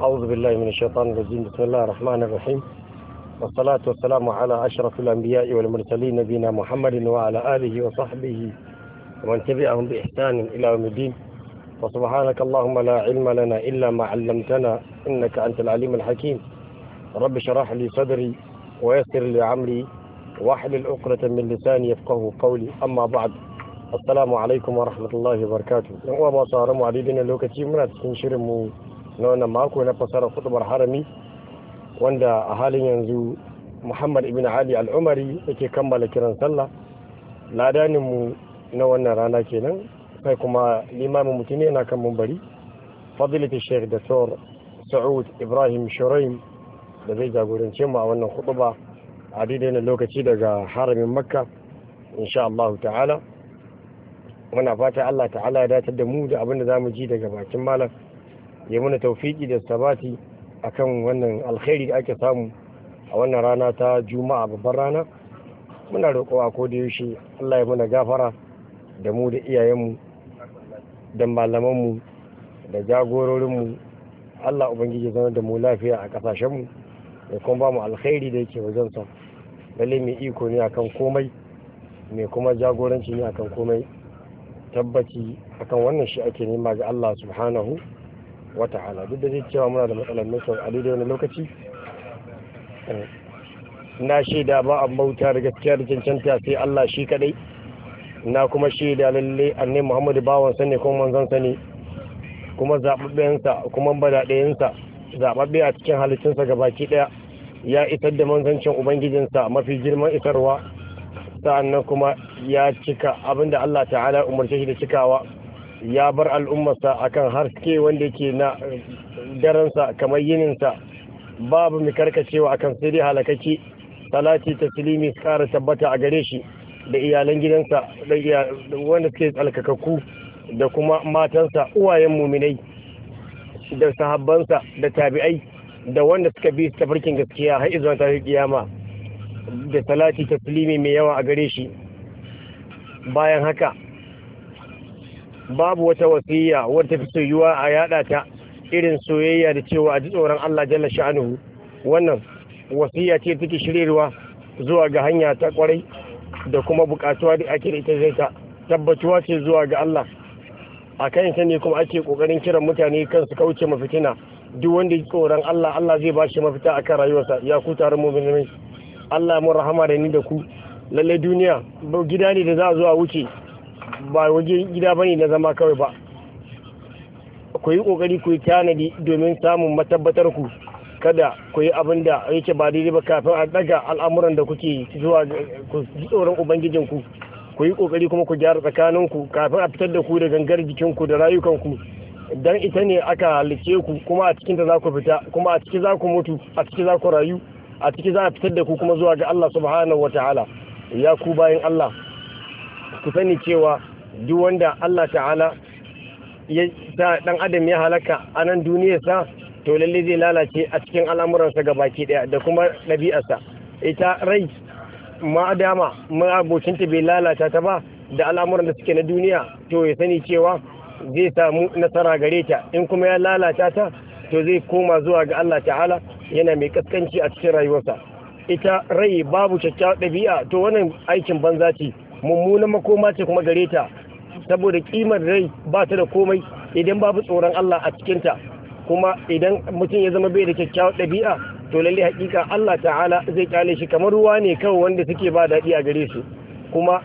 أعوذ بالله من الشيطان الرجيم بسم الله الرحمن الرحيم والصلاة والسلام على أشرف الأنبياء والمرسلين نبينا محمد وعلى آله وصحبه ومن تبعهم بإحسان إلى يوم الدين وسبحانك اللهم لا علم لنا إلا ما علمتنا إنك أنت العليم الحكيم رب اشرح لي صدري ويسر لي عمري واحلل عقدة من لساني يفقه قولي أما بعد السلام عليكم ورحمة الله وبركاته وما صار معلدين كتير من الناس شرمو na wannan mako na fasarar kutubar harami wanda a halin yanzu muhammad ibn ali al'umari yake kammala kiran sallah ladaninmu na wannan rana kenan kai kuma limamin mutum yana kan mumbari fadilati sheikh da sa'ud ibrahim shuraim da zai jagorance mu a wannan kutuba a daidai lokaci daga haramin makka insha Allah ta'ala muna fata Allah ta'ala ya datar da mu da abinda da za mu ji daga bakin malam ya muna taufiki da sabati akan wannan alkhairi da ake samu a wannan rana ta juma'a babban rana muna roƙo ko da yaushe Allah ya muna gafara da mu da iyayenmu da malamanmu da jagororinmu Allah ubangiji zama da mu lafiya a ƙasashenmu da kuma ba mu alkhairi da yake wajen sa lalle mai iko ne akan komai mai kuma jagoranci ne akan komai tabbaci akan wannan shi ake nema ga Allah subhanahu wa duk da zai cewa muna da matsalar network a daidai wani lokaci eh, na shaida ba a bauta da gaskiya da cancanta sai Allah shi kadai na kuma shaida lalle annai Muhammadu bawan sani ne kuma manzon sani kuma zababbensa kuma badaɗayensa zababbe a cikin halittunsa baki ɗaya ya isar da manzancin ubangijinsa mafi girman isarwa sa'annan kuma ya cika abinda Allah ta'ala umarci shi da cikawa ya bar al'ummarsa akan haske wanda ke na daransa kamar yininsa babu mai karkacewa akan sai dai halakaki salati silimi kara tabbata a gare shi da iyalan gidansa da wanda suke tsalkakaku da kuma matansa uwayen muminai da sahabbansa da tabi'ai da wanda suka bi tafarkin gaskiya har izuwa ta kiyama da salati silimi mai yawa a gare shi bayan haka babu wata wasiya wata fi soyuwa a yada ta irin soyayya da cewa a ji tsoron Allah jalla sha'anuhu wannan wasiya ce take shirirwa zuwa ga hanya ta kwarai da kuma bukatuwa da ake da ita zai ta tabbatuwa ce zuwa ga Allah a kan ta ne kuma ake kokarin kiran mutane kan su kauce mafitina duk wanda tsoron Allah Allah zai bashi mafita a kan rayuwarsa ya ku tare mu Allah mun rahama da ni da ku lalle duniya gida ne da za a zo a wuce ba waje gida bane na zama kawai ba ku yi kokari ku yi tanadi domin samun matabbatar ku kada ku yi abin da yake ba daidai ba kafin a daga al'amuran da kuke zuwa ku ji tsoron ubangijin ku ku yi kokari kuma ku gyara tsakanin ku kafin a fitar da ku da gangar jikin ku da rayukan ku dan ita ne aka halice ku kuma a cikin ta za ku fita kuma a ciki za ku mutu a ciki za ku rayu a ciki za a fitar da ku kuma zuwa ga Allah subhanahu wataala ya ku bayan Allah ku sani cewa duk wanda Allah ta'ala ya sa dan adam ya halaka a nan duniyarsa to lalle zai lalace a cikin al'amuransa ga baki ɗaya da kuma ɗabi'arsa ita rai ma dama abocinta bai lalata ta ba da al'amuran da suke na duniya to ya sani cewa zai samu nasara gare ta in kuma ya lalata ta to zai koma zuwa ga Allah ta'ala yana mai kaskanci a cikin rayuwarsa ita rai babu kyakkyawar ɗabi'a to wannan aikin banza ce mummunan makoma ce kuma gare ta saboda kimar rai ba ta da komai idan babu tsoron Allah a cikinta kuma idan mutum ya zama bai da kyakkyawar ɗabi'a to lalle hakika Allah ta'ala zai kyale shi kamar ruwa ne kawai wanda suke ba daɗi a gare su kuma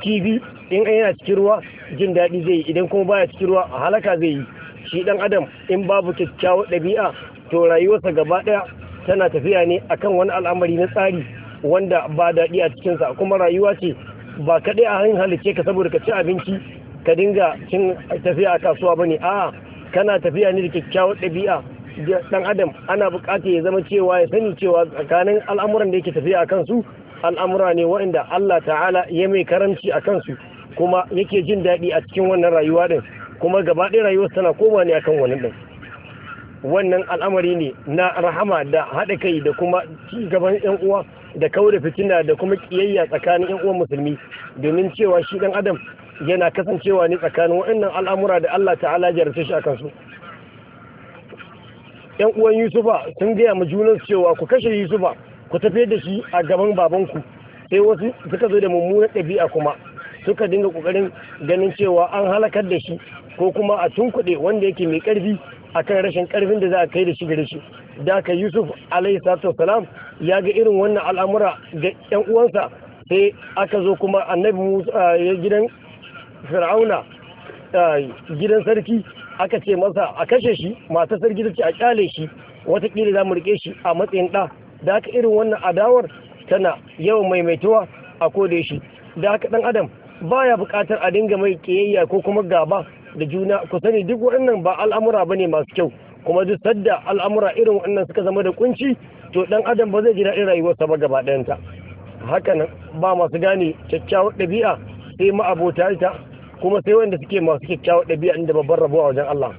kibi in yana cikin ruwa jin daɗi zai yi idan kuma baya cikin ruwa halaka zai yi shi ɗan adam in babu kyakkyawar ɗabi'a to rayuwarsa gaba ɗaya tana tafiya ne akan wani al'amari na tsari wanda ba daɗi a cikinsa kuma rayuwa ce ba kaɗai a hanyar halice ka saboda ka ci abinci ka dinga cin tafiya a kasuwa ba ne a kana tafiya ne da kyakkyawar ɗabi'a dan adam ana buƙatar ya zama cewa ya sani cewa tsakanin al'amuran da yake tafiya a kansu al'amura ne waɗanda Allah ta'ala ya mai karanci a kansu kuma yake jin daɗi a cikin wannan rayuwa ɗin kuma gaba ɗaya rayuwar tana koma ne akan wani ɗin wannan al'amari ne na rahama da haɗa kai da kuma ci gaban 'yan uwa da kaure fitina da kuma kiyayya tsakanin yan uwan musulmi domin cewa shi dan adam yana kasancewa ne tsakanin waɗannan al'amura da Allah ta'ala jarabce shi akan su yan uwan Yusufa sun gaya mu junan cewa ku kashe Yusufa ku tafi da shi a gaban babanku sai wasu suka zo da mummunan ɗabi'a kuma suka dinga kokarin ganin cewa an halakar da shi ko kuma a tunkuɗe wanda yake mai ƙarfi akan rashin ƙarfin da za a kai da shi gare shi da aka yusuf alaihi salatu salam ya ga irin wannan al'amura ga yan uwansa sai aka zo kuma annabi musa eh, ya gidan fir'auna eh, gidan sarki aka ce masa a kashe shi mata sarki ta ce a kyale shi watakila za mu rike shi a matsayin ɗa da ka irin wannan adawar tana yawan maimaituwa a koda shi da haka ɗan adam baya buƙatar a dinga mai ƙiyayya ko kuma gaba da juna ku sani duk waɗannan ba al'amura bane masu kyau kuma duk sadda al'amura irin wannan suka zama da kunci to dan adam ba zai ji daɗin rayuwarsa ba gaba ɗayanta hakanan ba masu gane kyakkyawar ɗabi'a sai ma'abota ita kuma sai wanda suke masu kyakkyawar ɗabi'a inda babban rabuwa wajen Allah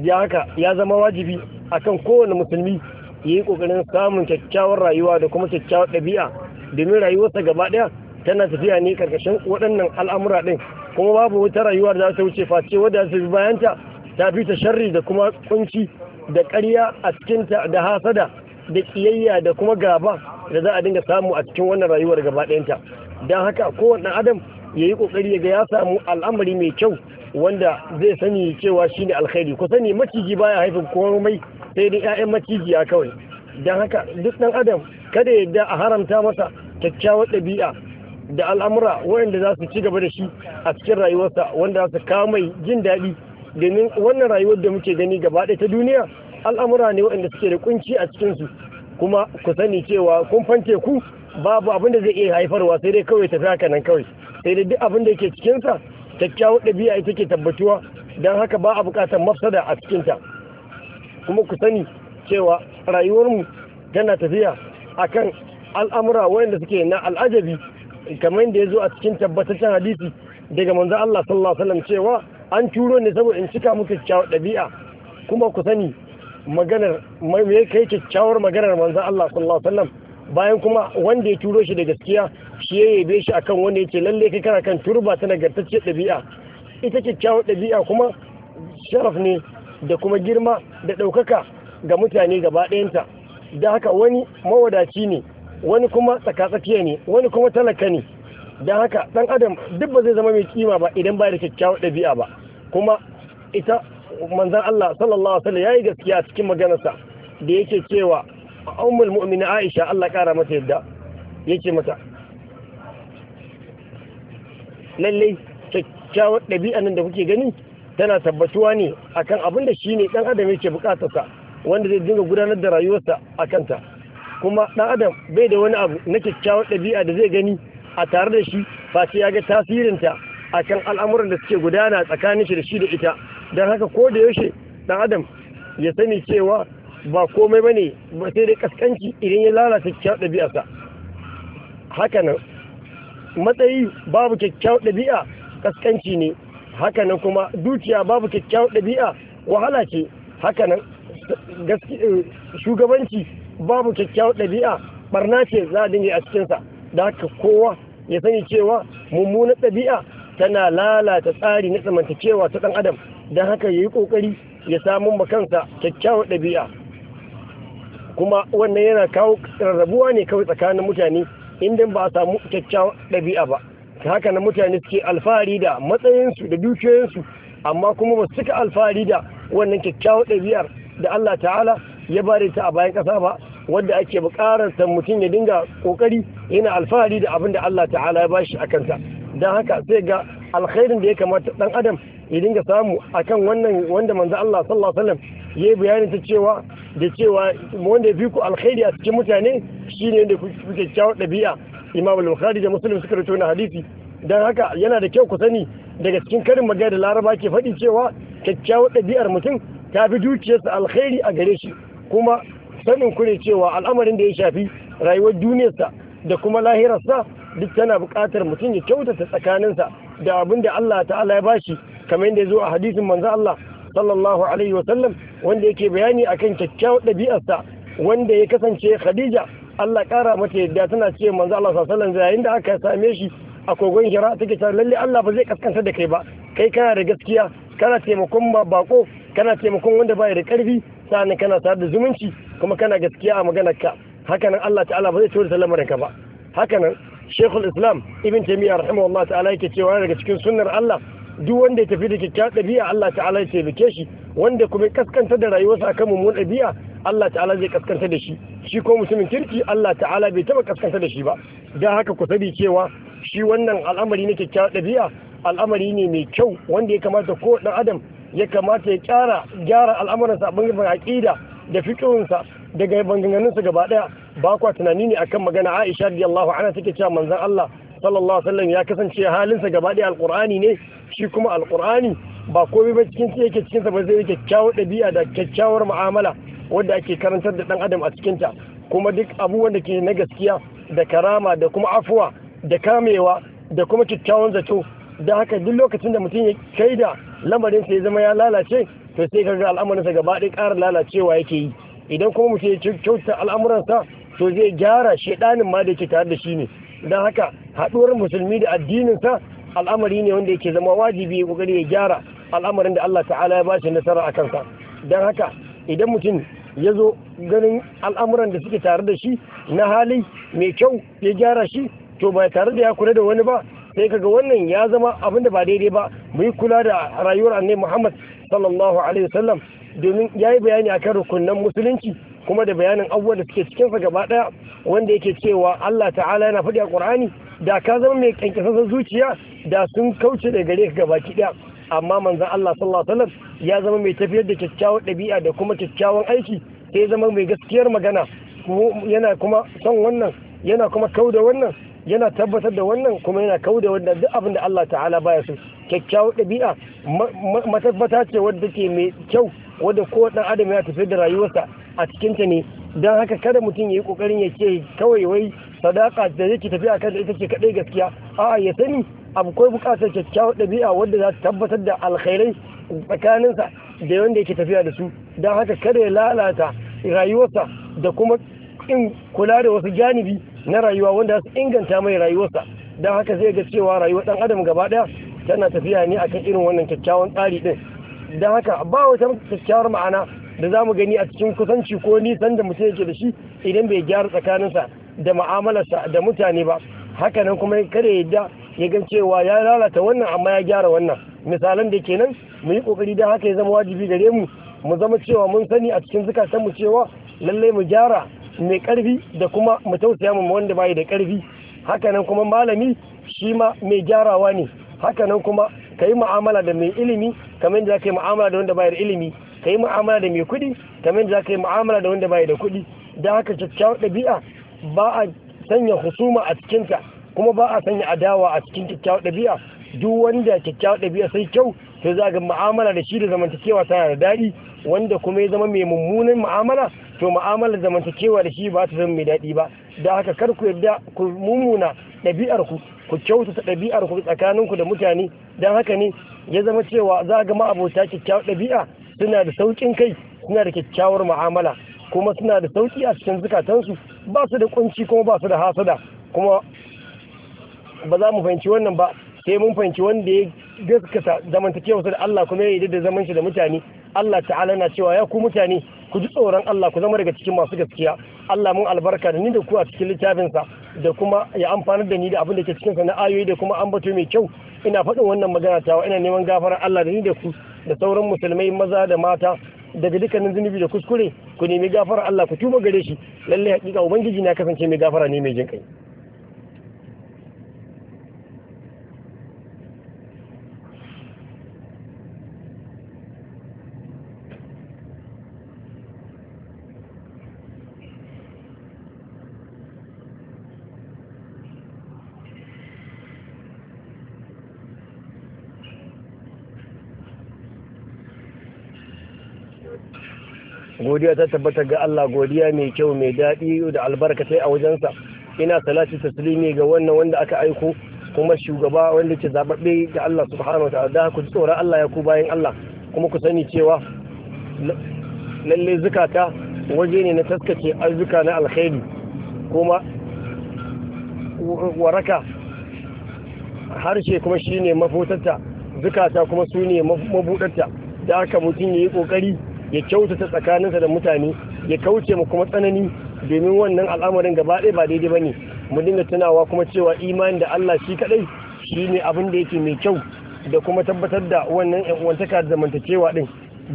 ya haka ya zama wajibi akan kowane musulmi ya yi ƙoƙarin samun kyakkyawar rayuwa da kuma kyakkyawar ɗabi'a domin rayuwarsa gaba ɗaya tana tafiya ne karkashin waɗannan al'amura ɗin kuma babu wata rayuwa da za ta wuce face wadda ta bi bayanta ta fi ta sharri da kuma kunci da karya a cikinta da hasada da kiyayya da kuma gaba da za a dinga samu a cikin wannan rayuwar gaba ɗayanta don haka kowane adam ya yi ƙoƙari ga ya samu al'amari mai kyau wanda zai sani cewa shine alkhairi ku sani maciji baya haifin komai sai dai 'ya'yan a kawai don haka duk ɗan adam kada ya a haramta masa kyakkyawar ɗabi'a da al'amura waɗanda za su ci gaba da shi a cikin rayuwarsa wanda za su kawo mai jin daɗi domin wannan rayuwar da muke gani gaba ɗaya ta duniya al'amura ne waɗanda suke da kunci a cikinsu kuma ku sani cewa kun fanke ku babu abin da zai iya haifarwa sai dai kawai tafi haka nan kawai sai dai duk abin da ke cikinsa kyakkyawar ɗabi'a ita ke tabbatuwa don haka ba a buƙatar mafsada a cikinta kuma ku sani cewa rayuwarmu tana tafiya akan al'amura waɗanda suke na al'ajabi kamar yadda ya zo a cikin tabbataccen hadisi daga manzo Allah sallallahu alaihi wasallam cewa an turo ne saboda in cika muku kyakkyawar ɗabi'a kuma ku sani maganar mai kai kyakkyawar maganar manzan Allah sallallahu alaihi wasallam bayan kuma wanda ya turo shi da gaskiya shi ya yabe shi akan wanda yake lalle kai kana kan turba ta nagartacciyar ɗabi'a ita kyakkyawar ɗabi'a kuma sharaf ne da kuma girma da ɗaukaka ga mutane gaba ɗayanta da haka wani mawadaci ne wani kuma tsakatsakiya ne wani kuma talaka ne don haka dan adam duk ba zai zama mai kima ba idan ba da kyakkyawar ɗabi'a ba kuma ita manzan Allah sallallahu alaihi ya yi gaskiya cikin maganarsa da yake cewa ummul mu'mina Aisha Allah kara mata yadda yake mata lallai kyakkyawar ɗabi'a nan da kuke gani tana tabbatuwa ne akan abin da shi ne ɗan adam yake bukatarsa wanda zai dinga gudanar da rayuwarsa a kanta kuma ɗan adam bai da wani abu na kyakkyawar ɗabi'a da zai gani a tare da shi sai ya ga tasirinta a kan al'amuran da suke gudana tsakanin shi da shi da ita don haka ko da yaushe ɗan adam ya sani cewa ba komai ba ne ba sai dai kaskanci idan ya lalata kyakkyawar ɗabi'arsa hakanan matsayi babu kyakkyawar ɗabi'a kaskanci ne hakanan kuma dukiya babu kyakkyawar ɗabi'a wahala ce hakanan eh, shugabanci babu kyakkyawar ɗabi'a barna ce za a dinga a cikinsa da haka kowa ya sani cewa mummuna ɗabi'a tana lalata tsari na zamantakewa ta ɗan adam don haka ya yi ƙoƙari ya samun makansa kyakkyawar ɗabi'a kuma wannan yana kawo rarrabuwa ne kawai tsakanin mutane inda ba a samu kyakkyawar ɗabi'a ba ta haka na mutane suke alfahari da matsayinsu da dukiyoyinsu amma kuma ba su cika alfahari da wannan kyakkyawar ɗabi'ar da Allah ta'ala ya bare ta a bayan ƙasa ba wadda ake bukaransa mutum ya dinga kokari yana alfahari da abin da Allah ta'ala ya bashi a kanta don haka sai ga alkhairin da ya kamata dan adam ya dinga samu akan wannan wanda manzo Allah sallallahu alaihi wasallam yi bayani ta cewa da cewa wanda ya fi ku alkhairi a cikin mutane shine wanda kuke kyawun dabi'a Imam al-Bukhari da Muslim suka rawaito na hadisi don haka yana da kyau ku sani daga cikin karin magana da laraba ke faɗi cewa kyakkyawar ɗabi'ar mutum ta fi dukiyarsa alkhairi a gare shi kuma sanin kure cewa al'amarin da ya shafi rayuwar duniyarsa da kuma lahirarsa duk tana buƙatar mutum ya kyautata tsakaninsa da abin da Allah ta'ala ya bashi kamar yadda ya zo a hadisin manzo Allah sallallahu alaihi wa sallam wanda yake bayani akan kyakkyawar ɗabi'arsa wanda ya kasance Khadija Allah ƙara mata yadda tana ce manzo Allah sallallahu alaihi yayin da aka same shi a kogon hira take ta lalle Allah ba zai kaskanta da kai ba kai kana da gaskiya kana taimakon bako kana taimakon wanda baya da karfi sa'an kana tare da zumunci kuma kana gaskiya a maganarka hakanan Allah ta'ala ba zai ci da lamarinka ba hakanan Sheikhul Islam Ibn Taymiyyah rahimahullah ta'ala yake cewa daga cikin sunnar Allah duk wanda ya tafi da kyakkyawar ɗabi'a Allah ta'ala ya taimake shi wanda kuma ya kaskanta da rayuwarsa kan mummun ɗabi'a Allah ta'ala zai kaskanta da shi shi ko musulmin kirki Allah ta'ala bai taba kaskanta da shi ba dan haka ku sani cewa shi wannan al'amari na kyakkyawar ɗabi'a al'amari ne mai kyau wanda ya kamata ko ɗan adam ya kamata ya kyara gyara al'amuransa a bangaren aƙida da fiqhunsa daga banganganunsa gaba daya ba kwa tunani ne akan magana Aisha radiyallahu anha take cewa manzon Allah sallallahu alaihi wasallam ya kasance halinsa gaba daya alqur'ani ne shi kuma alqur'ani ba komai ba cikin shi yake cikin sa ba zai kyakkyawar dabi'a da kyakkyawar mu'amala wanda ake karantar da dan adam a cikin ta kuma duk abubuwan da ke na gaskiya da karama da kuma afuwa da kamewa da kuma kyakkyawan zato da haka duk lokacin da mutum ya kai da lamarin sa ya zama ya lalace to sai ka kaga al'amuransa gaba ɗaya ƙara lalacewa yake yi idan kuma mutum ya kyauta al'amuransa to zai gyara shedanin ma da yake tare da shi ne don haka haɗuwar musulmi da addininsa al'amari ne wanda yake zama wajibi ya ƙoƙari ya gyara al'amarin da Allah ta'ala ya bashi nasara a kansa don haka idan mutum ya zo ganin al'amuran da suke tare da shi na hali mai kyau ya gyara shi to ba tare da ya kula da wani ba sai kaga wannan ya zama abin da ba daidai ba mu yi kula da rayuwar annabi Muhammad sallallahu alaihi wasallam domin yayi bayani akan rukunan musulunci kuma da bayanin abubuwan da suke cikin sa gaba ɗaya wanda yake cewa Allah ta'ala yana faɗi a Qur'ani da ka zama mai kankasasan zuciya da sun kauce da gare ka gabaki daya amma manzon Allah sallallahu alaihi wasallam ya zama mai tafiyar da kyakkyawar ɗabi'a da kuma kyakkyawan aiki sai zama mai gaskiyar magana yana kuma son wannan yana kuma kauda wannan yana tabbatar da wannan kuma yana kauda wannan duk abin da Allah ta'ala baya so kyakkyawar ɗabi'a matabbata ce wadda ke mai kyau wadda ko ɗan adam ya tafi da rayuwarsa a cikinta ne don haka kada mutum ya yi ƙoƙarin ya ce kawai wai sadaka da yake tafi a da ita ce kaɗai gaskiya a ya sani akwai buƙatar kyakkyawar ɗabi'a wadda za ta tabbatar da alkhairai tsakaninsa da wanda yake tafiya da su don haka kada ya lalata rayuwarsa da kuma in kula da wasu janibi na rayuwa wanda za su inganta mai rayuwarsa don haka zai ga cewa rayuwar ɗan adam gaba ɗaya tana tafiya ne akan irin wannan kyakkyawan tsari din don haka ba wata kyakkyawar ma'ana da za mu gani a cikin kusanci ko nisan da mutum yake da shi idan bai gyara tsakaninsa da ma'amalarsa da mutane ba haka nan kuma kada ya yadda ya gan cewa ya lalata wannan amma ya gyara wannan misalan da kenan mu yi kokari don haka ya zama wajibi gare mu mu zama cewa mun sani a cikin mu cewa lallai mu gyara mai karfi da kuma mu tausaya mu wanda bai da karfi haka nan kuma malami shi ma mai gyarawa ne haka nan kuma ka yi mu'amala da mai ilimi kamar da za ka yi mu'amala da wanda bai da ilimi ka yi mu'amala da mai kuɗi kamar da za ka yi mu'amala da wanda bai da kuɗi da haka kyakkyawar ɗabi'a ba a sanya husuma a cikinta kuma ba a sanya adawa a cikin kyakkyawar ɗabi'a duk wanda kyakkyawar ɗabi'a sai kyau to za ga mu'amala da shi da zamantakewa tana da daɗi wanda kuma ya zama mai mummunan mu'amala to mu'amalar zamantakewa da shi ba ta zama mai daɗi ba da haka kar ku yarda ku mummuna ɗabi'ar ku ku kyautata ɗabi'ar ku tsakaninku da mutane don haka ne ya zama cewa za ga ma'abota kyakkyawar ɗabi'a suna da sauƙin kai suna da kyakkyawar mu'amala kuma suna da sauƙi a cikin zukatansu ba su da kunci kuma ba su da hasada kuma ba za mu fahimci wannan ba sai mun fahimci wanda ya gaskata zamantakewarsa da Allah kuma ya yi da zaman shi da mutane Allah ta'ala na cewa ya ku mutane ku ji tsoron Allah ku zama daga cikin masu gaskiya Allah mun albarka da ni da ku a cikin littafinsa da kuma ya amfanar da ni da abin da ke cikin sa na ayoyi da kuma an bato mai kyau ina faɗin wannan magana tawa ina neman gafarar Allah da ni da ku da sauran musulmai maza da mata daga dukkanin zunubi da kuskure ku nemi gafarar Allah ku tuba gare shi lalle hakika ubangiji na kasance mai gafara ne mai jin kai godiya ta tabbata ga Allah godiya mai kyau mai daɗi da albarkatai a wajensa ina salati taslimi ga wannan wanda aka aiko kuma shugaba wanda ke zababbe ga Allah subhanahu da ku tsoron Allah ya ku bayan Allah kuma ku sani cewa lalle zukata waje ne na taskace arzuka na alkhairi kuma waraka harshe kuma shine mafutarta zukata kuma su ne mabudarta da aka mutum ya yi kokari ya kyautata tsakaninsa da mutane ya kauce mu kuma tsanani domin wannan al'amarin gaba ɗaya ba daidai ba ne mu dinga tunawa kuma cewa imani da Allah shi kadai ne abin da yake mai kyau da kuma tabbatar da wannan uwantaka da zamantakewa ɗin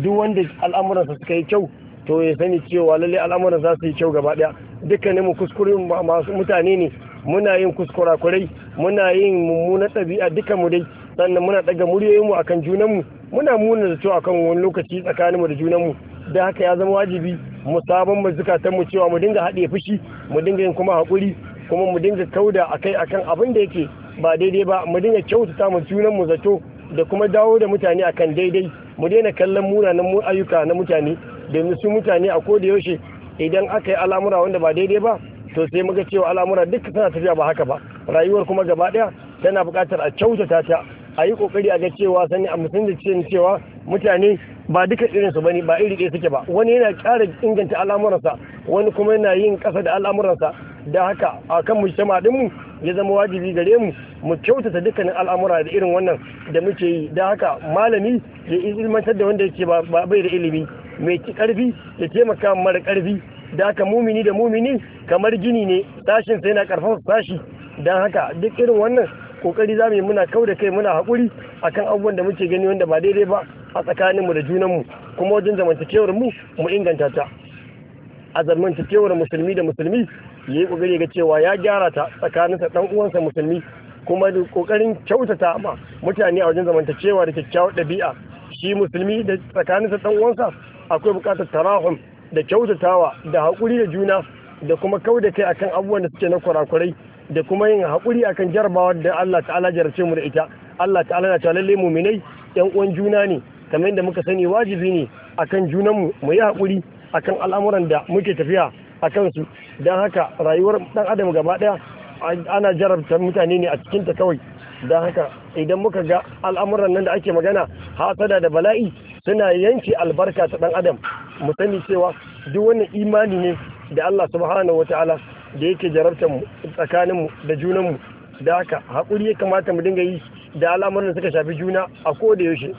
duk wanda al'amuransa suka yi kyau to ya sani cewa lalle al'amuran za su yi kyau gaba ɗaya dukkanin mu kuskure masu mutane ne muna yin kuskura kurai muna yin mummunan ɗabi'a dukkan mu dai sannan muna ɗaga muryoyin mu akan junan mu muna muna da cewa kan wani lokaci tsakanin mu da junanmu da haka ya zama wajibi mu sabon mu cewa mu dinga haɗe fushi mu dinga yin kuma haƙuri kuma mu dinga kauda akai akan abin da yake ba daidai ba mu dinga kyautata mu junan mu zato da kuma dawo da mutane akan daidai mu daina kallon munanan ayyuka na mutane domin su mutane a koda yaushe idan aka yi al'amura wanda ba daidai ba to sai muga cewa al'amura duka tana tafiya ba haka ba rayuwar kuma gaba daya tana buƙatar a kyautata ta a yi kokari a ga cewa sani a mutum da cewa mutane ba duka irin su ba iri ɗaya suke ba wani yana ƙara inganta al'amuransa wani kuma yana yin ƙasa da al'amuransa da haka a kan mujtama din mu ya zama wajibi gare mu mu kyautata dukkanin al'amura da irin wannan da muke yi da haka malami ya ilmantar da wanda yake ba bai da ilimi mai karfi ya taimaka mara karfi da haka mumini da mumini kamar gini ne sashin sai na karfafa sashi don haka duk irin wannan kokari za mu yi muna kau da kai muna haƙuri akan abubuwan da muke gani wanda ba daidai ba a tsakaninmu da junanmu kuma wajen zamantakewar mu mu inganta ta a zamantakewar musulmi da musulmi ya yi kokari ga cewa ya gyara ta sa dan uwansa musulmi kuma da kokarin kyautata ma mutane a wajen zamantakewa da kyakkyawar ɗabi'a shi musulmi da tsakaninsa dan uwansa akwai buƙatar tarahum da kyautatawa da haƙuri da juna da kuma kau da kai akan abubuwan da suke na kurakurai da kuma yin haƙuri akan jarabawar da Allah ta'ala jarace mu da ita Allah ta'ala na cewa lalle muminai yan uwan juna ne kamar yadda muka sani wajibi ne akan junanmu mu yi haƙuri akan al'amuran da muke tafiya a su. don haka rayuwar ɗan adam gaba ɗaya ana jarabta mutane ne a cikin ta kawai don haka idan muka ga al'amuran nan da ake magana hasada da bala'i suna yanke albarka ta ɗan adam mu sani cewa duk wannan imani ne da Allah subhanahu wataala da yake jarabta mu tsakaninmu da junanmu da haka haƙuri ya kamata mu dinga yi da alamar da suka shafi juna a koda yaushe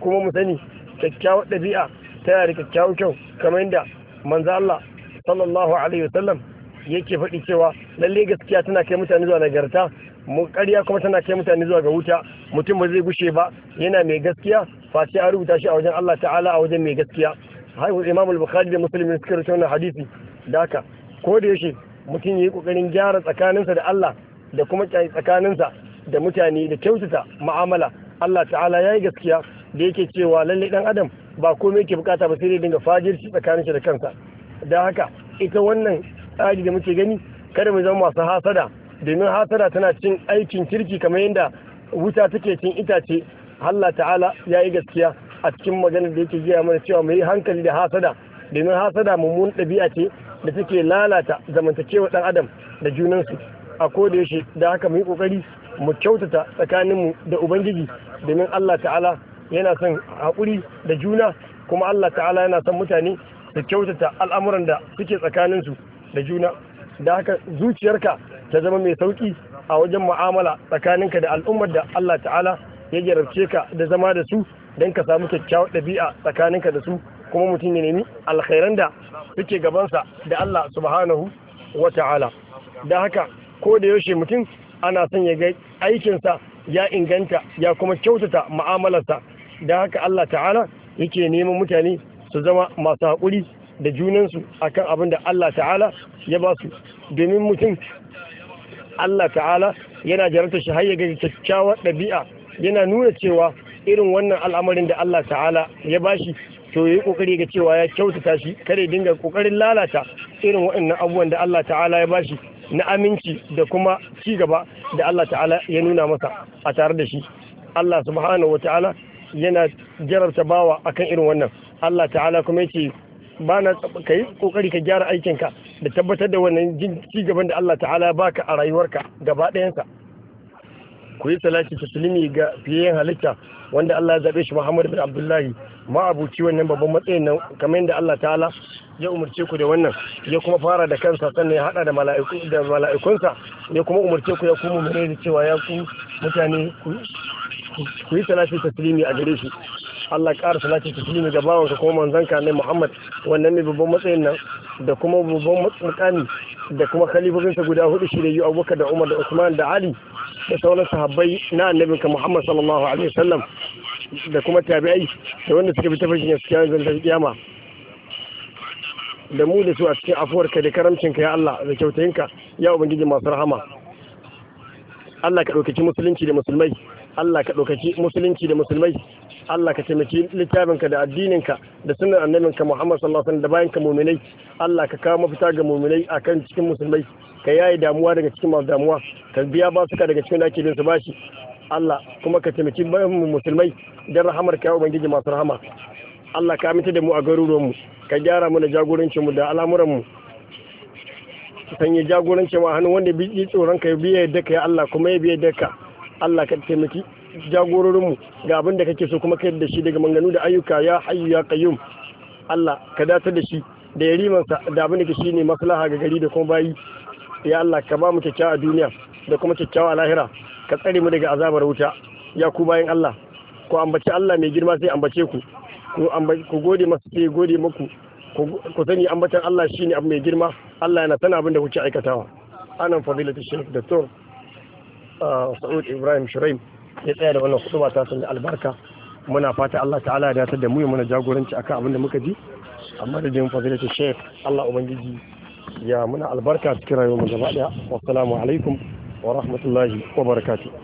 kuma mu sani kyakkyawar ɗabi'a ta yare kyakkyawar kyau kamar yadda manzo Allah sallallahu alaihi wasallam yake faɗi cewa lalle gaskiya tana kai mutane zuwa nagarta mu ƙarya kuma tana kai mutane zuwa ga wuta mutum ba zai gushe ba yana mai gaskiya face an rubuta shi a wajen Allah ta'ala a wajen mai gaskiya haihu Imam al-Bukhari da musulmi suka rawaito wannan hadisi da haka ko da yaushe mutum ya yi ƙoƙarin gyara tsakaninsa da Allah da kuma tsakaninsa da mutane da kyautata ma'amala. Allah ta'ala ya yi gaskiya da yake cewa lalle dan adam ba komai ke bukata ba sai dai dinga fajirci tsakanin shi da kansa da haka ita wannan tsari da muke gani kada mu zama masu hasada domin hasada tana cin aikin kirki kamar yadda wuta take cin itace Allah ta'ala ya yi gaskiya a cikin maganar da yake gaya mana cewa mu yi hankali da hasada domin hasada mummun ɗabi'a ce da suke lalata zamantakewa ɗan adam da junansu a kodayaushe da haka mu yi ƙoƙari mu kyautata tsakaninmu da ubangiji domin allah ta'ala yana son haƙuri da juna kuma allah ta'ala yana son mutane su kyautata al'amuran da suke tsakaninsu da juna da haka zuciyarka ta zama mai sauƙi a wajen mu'amala tsakaninka da al'ummar da allah ta'ala ya jarabce ka da zama da su don ka samu kyakkyawar ɗabi'a tsakaninka da su kuma mutum ya nemi alkhairan da suke gabansa da Allah subhanahu wa ta'ala da haka ko da yaushe mutum ana son ya ga aikinsa ya inganta ya kuma kyautata mu'amalarsa da haka Allah ta'ala yake neman mutane su zama masu haƙuri da junansu akan abin da Allah ta'ala ya ba su domin mutum Allah ta'ala yana jarata shi har ya ga kyakkyawar ɗabi'a yana nuna cewa irin wannan al'amarin da Allah ta'ala ya bashi to yi kokari ga cewa ya kyautata shi kare dinga kokarin lalata irin waɗannan abubuwan da Allah ta'ala ya bashi na aminci da kuma ci gaba da Allah ta'ala ya nuna masa a tare da shi Allah subhanahu wata'ala yana jarabta bawa akan irin wannan Allah ta'ala kuma yace ba na kai kokari ka gyara aikinka da tabbatar da wannan ci gaban da Allah ta'ala ya baka a rayuwarka gaba ɗayansa ku yi salati taslimi ga fiye halitta wanda Allah ya zabe shi Muhammad bin Abdullah ma abuci wannan babban matsayin nan kamar yadda Allah ta'ala ya umarce ku da wannan ya kuma fara da kansa sannan ya hada da mala'iku da mala'ikunsa ya kuma umarce ku ya kuma mu da cewa ya ku mutane ku yi salati taslimi a gare shi Allah ƙara salati taslimi ga bawanka kuma manzanka ne Muhammad wannan ne babban matsayin nan da kuma babban mukami da kuma khalifofinsa guda hudu shi da yi abubakar da umar da usman da ali da sauran sahabbai na ka Muhammad sallallahu alaihi wasallam da kuma tabi'ai da wanda suka bi ta fashin gaskiya zan ta kiyama da mu da su a cikin afuwar ka da karamcinka ya Allah da kyautayinka ya ubangiji masu rahama Allah ka dokaci musulunci da musulmai Allah ka dokaci musulunci da musulmai Allah ka taimaki littafinka da addininka da sunan annabinka Muhammad sallallahu alaihi wasallam da bayan ka mu'minai Allah ka kawo mafita ga mu'minai akan cikin musulmai ka yaye damuwa daga cikin masu damuwa ka biya ba suka daga cikin ake bin su bashi Allah kuma ka taimaki musulmai don rahamar ka ubangiji masu rahama Allah ka aminta da mu a garuruwanmu ka gyara mana jagorancin mu da al'amuran mu sanya jagorancin wa a hannun wanda bi tsoron ka biya yadda ka ya Allah kuma ya biya yadda ka Allah ka taimaki jagororinmu ga abin da kake so kuma ka yadda shi daga manganu da ayyuka ya hayyu ya qayyum Allah ka datar da shi da yarimansa da abin da ke shine maslaha ga gari da kuma bayi ya Allah ka ba mu kyakkyawa duniya da kuma kyakkyawa lahira ka tsare mu daga azabar wuta ya ku bayan Allah ku ambaci Allah mai girma sai ambace ku ku gode masa sai gode muku ku sani ambatan Allah shine abu mai girma Allah yana sana abin da kuke aikatawa anan fadilatu shirk da tor ah, Sa'ud Ibrahim Shuraim ya tsaya da wannan kutuba ta sun albarka muna fata Allah ta'ala ya dace da mu muna jagoranci akan abin da muka ji amma da jin fadilatu shirk Allah ubangiji يا منع البركه اذكر يوم الجمعه والسلام عليكم ورحمه الله وبركاته